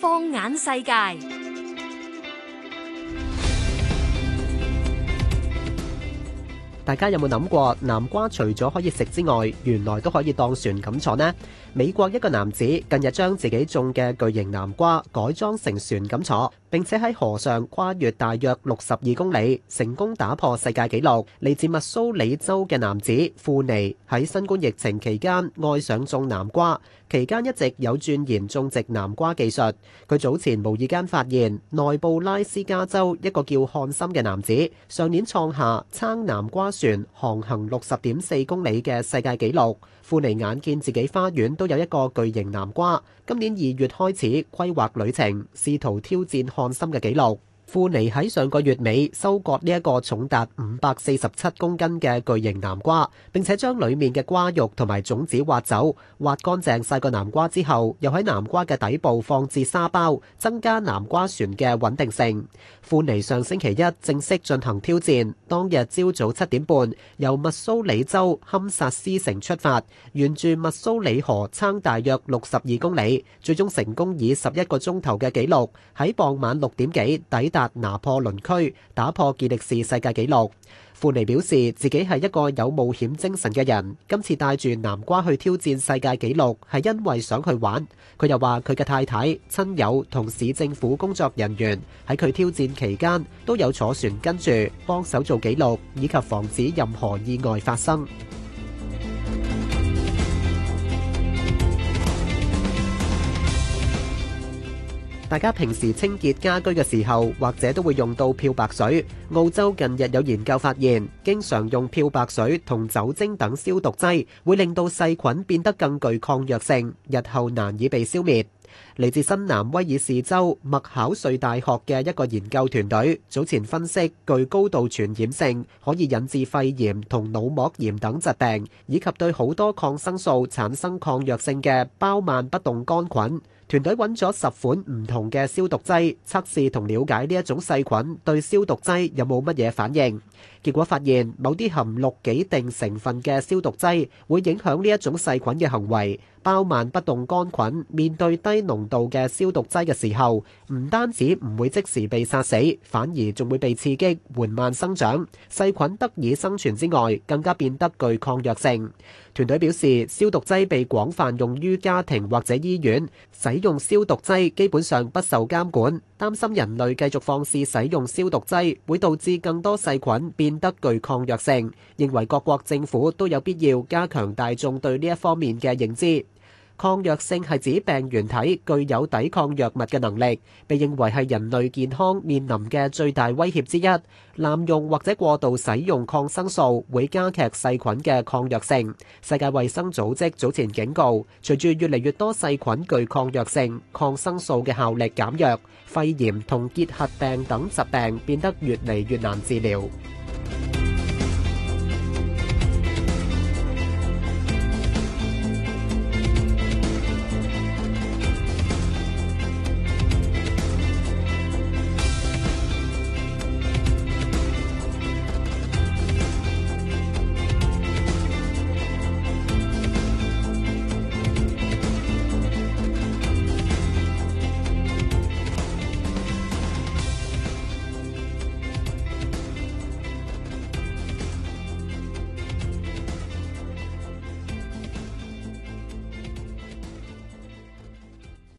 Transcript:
放眼世界。大家有冇諗過南瓜除咗可以食之外，原來都可以當船咁坐呢？美國一個男子近日將自己種嘅巨型南瓜改裝成船咁坐，並且喺河上跨越大約六十二公里，成功打破世界紀錄。嚟自密蘇里州嘅男子富尼喺新冠疫情期間愛上種南瓜，期間一直有鑽研種植南瓜技術。佢早前無意間發現內布拉斯加州一個叫漢森嘅男子上年創下撐南瓜船航行六十點四公里嘅世界紀錄。庫尼眼見自己花園都有一個巨型南瓜，今年二月開始規劃旅程，試圖挑戰漢森嘅紀錄。庫尼喺上個月尾收割呢一個重達五百四十七公斤嘅巨型南瓜，並且將裡面嘅瓜肉同埋種子挖走，挖乾淨晒個南瓜之後，又喺南瓜嘅底部放置沙包，增加南瓜船嘅穩定性。富尼上星期一正式進行挑戰，當日朝早七點半由密蘇里州堪薩斯城出發，沿住密蘇里河撐大約六十二公里，最終成功以十一個鐘頭嘅紀錄喺傍晚六點幾抵達。拿破崙區打破健力士世界紀錄。傅尼表示自己係一個有冒險精神嘅人，今次帶住南瓜去挑戰世界紀錄，係因為想去玩。佢又話佢嘅太太親友、同市政府工作人員喺佢挑戰期間都有坐船跟住幫手做紀錄，以及防止任何意外發生。大家平時清潔家居嘅時候，或者都會用到漂白水。澳洲近日有研究發現，經常用漂白水同酒精等消毒劑，會令到細菌變得更具抗藥性，日後難以被消滅。嚟自新南威爾士州麥考瑞大學嘅一個研究團隊，早前分析具高度傳染性，可以引致肺炎同腦膜炎等疾病，以及對好多抗生素產生抗藥性嘅包曼不動桿菌。團隊揾咗十款唔同嘅消毒劑，測試同了解呢一種細菌對消毒劑有冇乜嘢反應。結果發現，某啲含氯己定成分嘅消毒劑會影響呢一種細菌嘅行為。包曼不動桿菌面對低濃度嘅消毒劑嘅時候，唔單止唔會即時被殺死，反而仲會被刺激緩慢生長。細菌得以生存之外，更加變得具抗藥性。團隊表示，消毒劑被廣泛用於家庭或者醫院，使用消毒劑基本上不受監管，擔心人類繼續放肆使用消毒劑，會導致更多細菌變得具抗藥性。認為各國政府都有必要加強大眾對呢一方面嘅認知。抗藥性係指病原體具有抵抗藥物嘅能力，被認為係人類健康面臨嘅最大威脅之一。濫用或者過度使用抗生素會加劇細菌嘅抗藥性。世界衛生組織早前警告，隨住越嚟越多細菌具抗藥性，抗生素嘅效力減弱，肺炎同結核病等疾病變得越嚟越難治療。